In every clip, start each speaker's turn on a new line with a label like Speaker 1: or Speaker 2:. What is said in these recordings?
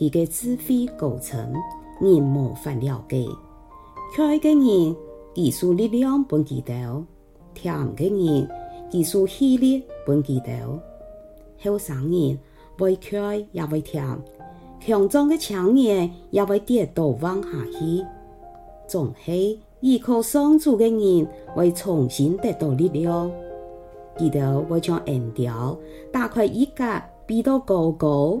Speaker 1: 佢個智慧構成，你模煩了解。開嘅人技術力量不記得，聽嘅人技術細膩不記得。後生人，會開也會聽。強壯的強人也會跌倒往下去。總是依靠上主的人會重新得到力量。記得要將銀條大概一格，比到高高。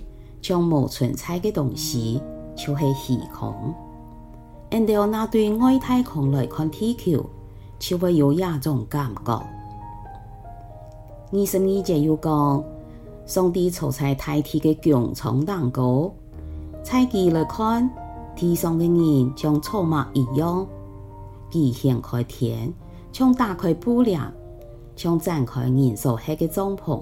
Speaker 1: 像無存在的東西，就係虛空。而由那對外太空來看地球，就會有另一種感覺。二十二節又講，上帝坐在大地的強壯蛋糕，從地來看地上的人，像草木一樣，地掀開天，像打開布料，像展開人手黑的帳篷。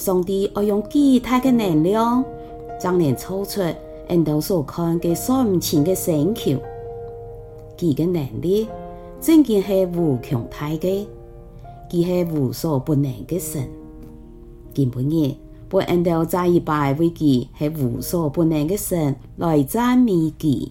Speaker 1: 上帝愛用巨大嘅能量，將臉抽出，引導所看見嘅所不見嘅星球。佢嘅能力正嘅係無窮大，嘅，佢係無所不能的神。第二，我引導在一拜，為佢係無所不能的神來讚美佢。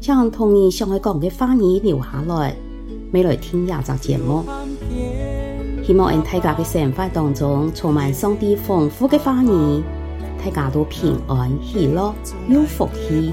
Speaker 1: 將童年上帝講嘅話語留下來，未來天廿集節目，希望俺大家嘅生活當中充滿雙啲豐富的話語，大家都平安、喜樂、有
Speaker 2: 福氣。